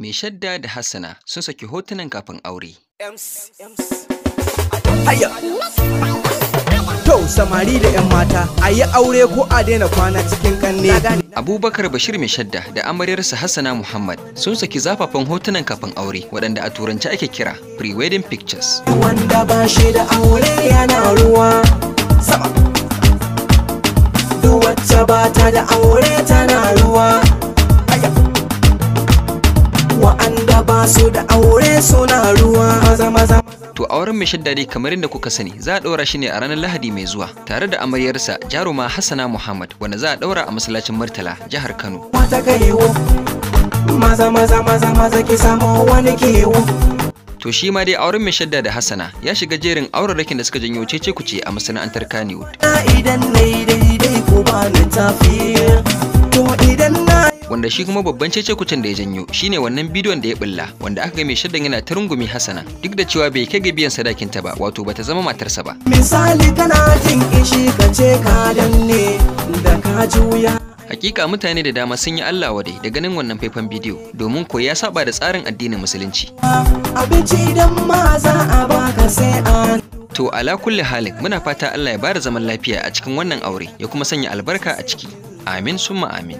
Mai shadda da Hassana sun saki hotunan kafin aure. To samari da 'yan mata a yi aure ko a daina kwana cikin kanne. Abubakar Bashir mai shadda da amaryarsa Hassana Muhammad sun saki zafafan hotunan kafin aure waɗanda a turance ake kira pre-wedding pictures. Wanda ba shi da aure yana ruwa sama. ba ta da aure ta masu da aure suna ruwa To auren mai shadda dai kamar yadda kuka sani za a ɗaura shi ne a ranar Lahadi mai zuwa tare da amaryarsa Jaruma Hassana Muhammad wanda za a ɗaura a masallacin Murtala jihar Kano. Maza maza maza maza ki wani To shi ma dai auren mai shadda da Hassana ya shiga jerin aurarrakin da suka janyo cece kuce a masana'antar Kannywood. Idan daidai ku ba tafiya. wanda shi kuma babban cece kucin da ya janyo shine wannan bidiyon da ya bulla wanda aka ga mai shaddan yana ta rungumi Hassana duk da cewa bai kai ga biyan sadakin ta ba wato bata zama matarsa ba misali kana jin ishi ka ce ka danne da ka juya Hakika mutane da dama sun yi Allah wadai da ganin wannan faifan bidiyo domin ko ya saba da tsarin addinin musulunci. idan ma za a To ala kulli halin muna fata Allah ya bada zaman lafiya a cikin wannan aure ya kuma sanya albarka a ciki. amin sun amin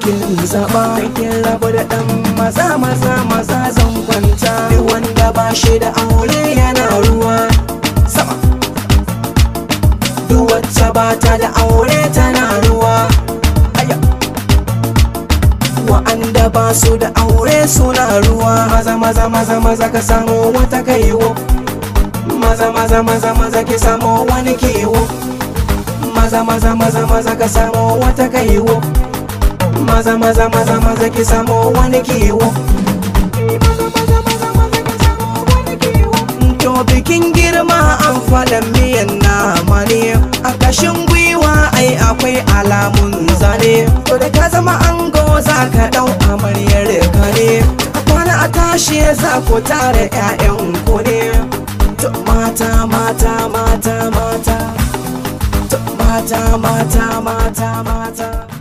kin rabu da ɗan maza maza maza zan kwanta wanda tana ruwa wa'anda ba su da aure suna ruwa maza maza maza maza ka samu wata kaiwo maza maza maza maza ke samu wani kiwo maza maza maza maza ka samo wata kaiwo maza maza maza maza ki samo wani kiwo to bikin girma an faɗa miyan na ne a kashin gwiwa ai akwai alamun zane to da ka zama ango za ka ɗau amaryar ka ne a kwana a tashi za ku tara 'ya'yan ku mata mata mata mata